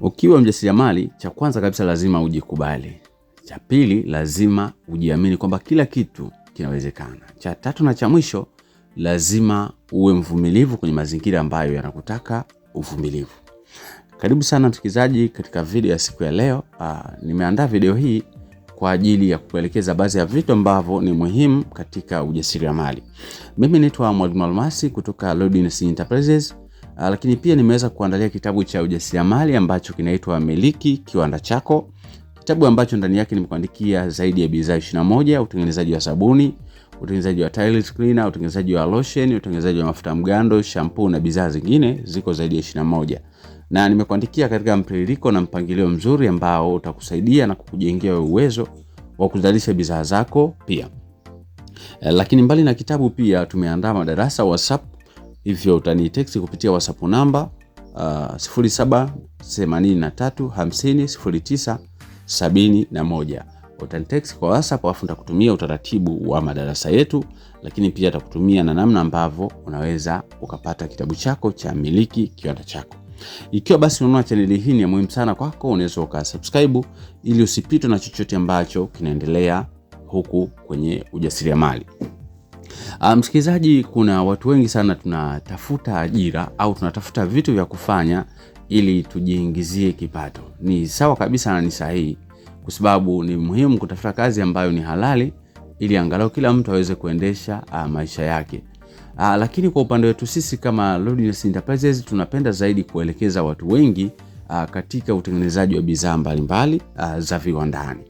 Ukiwa mjasiriamali, cha kwanza kabisa lazima ujikubali. Cha pili, lazima ujiamini kwamba kila kitu kinawezekana. Cha tatu na cha mwisho, lazima uwe mvumilivu kwenye mazingira ambayo yanakutaka uvumilivu. Karibu sana msikilizaji katika video ya siku ya leo. Ah, nimeandaa video hii kwa ajili ya kukuelekeza baadhi ya vitu ambavyo ni muhimu katika ujasiriamali. Mimi naitwa Mwalimu Almasi kutoka Lodness Enterprises. Ah, lakini pia nimeweza kuandalia kitabu cha ujasiriamali ambacho kinaitwa Miliki Kiwanda Chako, kitabu ambacho ndani yake nimekuandikia zaidi ya bidhaa 21: utengenezaji wa sabuni, utengenezaji wa toilet cleaner, utengenezaji wa lotion, utengenezaji wa mafuta mgando, shampoo na bidhaa zingine ziko zaidi ya 21 na nimekuandikia katika mtiririko na mpangilio mzuri ambao utakusaidia na kukujengea uwezo wa kuzalisha bidhaa zako pia. Eh, lakini mbali na kitabu, pia tumeandaa madarasa WhatsApp hivyo text kupitia WhatsApp namba uh, 0783 utani text kwa WhatsApp alafu nitakutumia utaratibu wa madarasa yetu, lakini pia nitakutumia na namna ambavyo unaweza ukapata kitabu chako cha Miliki Kiwanda Chako. Ikiwa basi unaona chaneli hii ni muhimu sana kwako, unaweza ukasubscribe ili usipitwe na chochote ambacho kinaendelea huku kwenye ujasiriamali. Ah, msikilizaji, kuna watu wengi sana tunatafuta ajira au tunatafuta vitu vya kufanya ili tujiingizie kipato. Ni sawa kabisa na ni sahihi, kwa sababu ni muhimu kutafuta kazi ambayo ni halali ili angalau kila mtu aweze kuendesha uh, maisha yake. Uh, lakini kwa upande wetu sisi kama Lourdes Enterprises tunapenda zaidi kuelekeza watu wengi uh, katika utengenezaji wa bidhaa mbalimbali uh, za viwandani.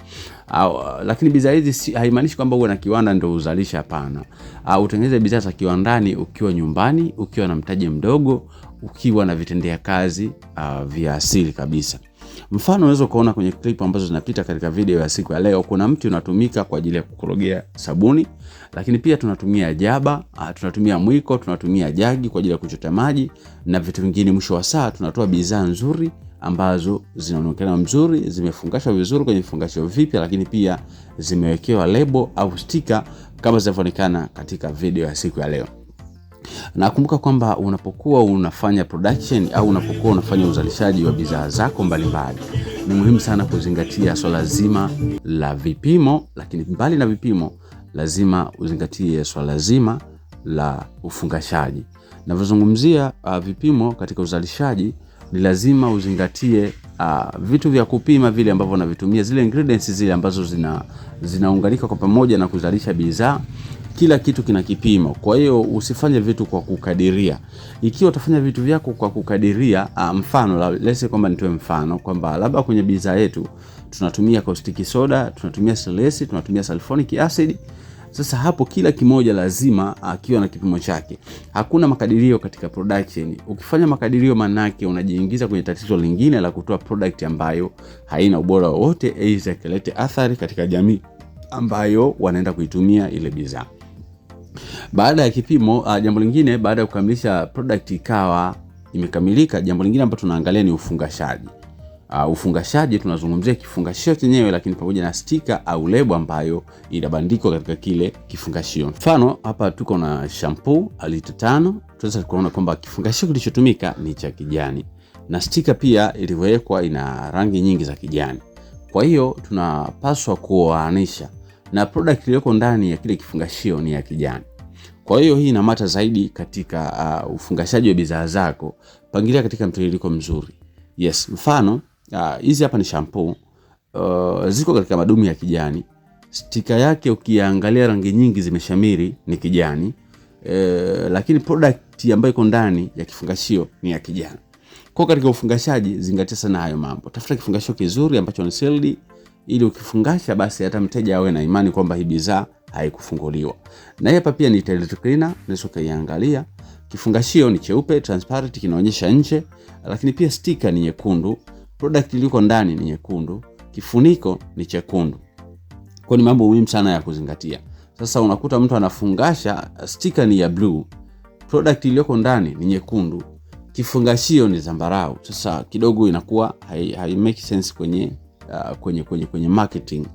Uh, lakini bidhaa hizi si, haimaanishi kwamba uwe na kiwanda ndio uzalisha. Hapana, uh, utengeneze bidhaa za kiwandani ukiwa nyumbani, ukiwa na mtaji mdogo, ukiwa na vitendea kazi uh, vya asili kabisa. Mfano, unaweza ukaona kwenye clip ambazo zinapita katika video ya siku ya leo, kuna mti unatumika kwa ajili ya kukorogea sabuni, lakini pia tunatumia jaba, uh, tunatumia mwiko, tunatumia jagi kwa ajili ya kuchota maji na vitu vingine. Mwisho wa saa tunatoa bidhaa nzuri ambazo zinaonekana mzuri, zimefungashwa vizuri kwenye vifungashio vipya, lakini pia zimewekewa lebo au stika kama zinavyoonekana katika video ya siku ya leo. Nakumbuka kwamba unapokuwa unafanya production au unapokuwa unafanya uzalishaji wa bidhaa zako mbalimbali, ni muhimu sana kuzingatia swala zima la vipimo, lakini mbali na vipimo, lazima uzingatie swala zima la ufungashaji. Navyozungumzia uh, vipimo katika uzalishaji ni lazima uzingatie uh, vitu vya kupima vile ambavyo unavitumia, zile ingredients zile ambazo zina zinaunganika kwa pamoja na kuzalisha bidhaa, kila kitu kina kipimo. Kwa hiyo usifanye vitu kwa kukadiria. Ikiwa utafanya vitu vyako kwa kukadiria, uh, mfano lese kwamba nitoe mfano kwamba labda kwenye bidhaa yetu tunatumia caustic soda, tunatumia selesi, tunatumia sulfonic acid sasa hapo kila kimoja lazima akiwa na kipimo chake. Hakuna makadirio katika production. Ukifanya makadirio, manake unajiingiza kwenye tatizo lingine la kutoa product ambayo haina ubora wowote, aidha ikalete athari katika jamii ambayo wanaenda kuitumia ile bidhaa. Baada ya kipimo, uh, jambo lingine baada ya kukamilisha product ikawa imekamilika, jambo lingine ambalo tunaangalia ni ufungashaji. Uh, ufungashaji tunazungumzia kifungashio chenyewe, lakini pamoja na stika au lebo ambayo inabandikwa katika kile kifungashio. Mfano hapa tuko na shampoo alita tano, tunaweza kuona kwamba kifungashio kilichotumika ni cha kijani na stika pia ilivyowekwa ina rangi nyingi za kijani. Kwa hiyo tunapaswa kuoanisha na product iliyoko ndani ya kile kifungashio ni ya kijani. Kwa hiyo hii inamata zaidi katika uh, ufungashaji wa bidhaa zako. Pangilia katika mtiririko mzuri. Yes, mfano Ah, hizi hapa ni shampoo uh, ziko katika madumu ya kijani. Stika yake ukiangalia rangi nyingi zimeshamiri, ni kijani e, lakini product ambayo iko ndani ya kifungashio ni ya kijani. Kwa katika ufungashaji zingatia sana hayo mambo. Tafuta kifungashio kizuri ambacho ni sealed ili ukifungasha basi hata mteja awe na imani kwamba hii bidhaa haikufunguliwa. Na hapa pia ni toilet cleaner, unaweza kuiangalia. Kifungashio ni cheupe transparent, kinaonyesha nje, lakini pia stika ni nyekundu product iliyoko ndani ni nyekundu, kifuniko ni chekundu. Kwa ni mambo muhimu sana ya kuzingatia. Sasa unakuta mtu anafungasha, stika ni ya bluu, product iliyoko ndani ni nyekundu, kifungashio ni zambarau. Sasa kidogo inakuwa hai, hai make sense kwenye, uh, kwenye, kwenye, kwenye marketing.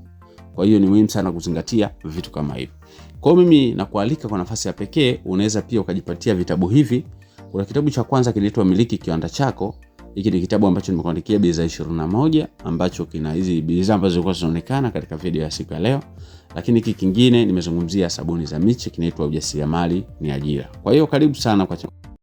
Kwa hiyo ni muhimu sana kuzingatia vitu kama hivyo. Kwa hiyo mimi nakualika kwa nafasi ya pekee, unaweza pia ukajipatia vitabu hivi. Kuna kitabu cha kwanza kinaitwa Miliki Kiwanda Chako hiki ni kitabu ambacho nimekuandikia bidhaa 21 ambacho kina hizi bidhaa ambazo zilikuwa zinaonekana katika video ya siku ya leo, lakini hiki kingine nimezungumzia sabuni za miche, kinaitwa ujasiriamali ni ajira. Kwa hiyo karibu sana kwa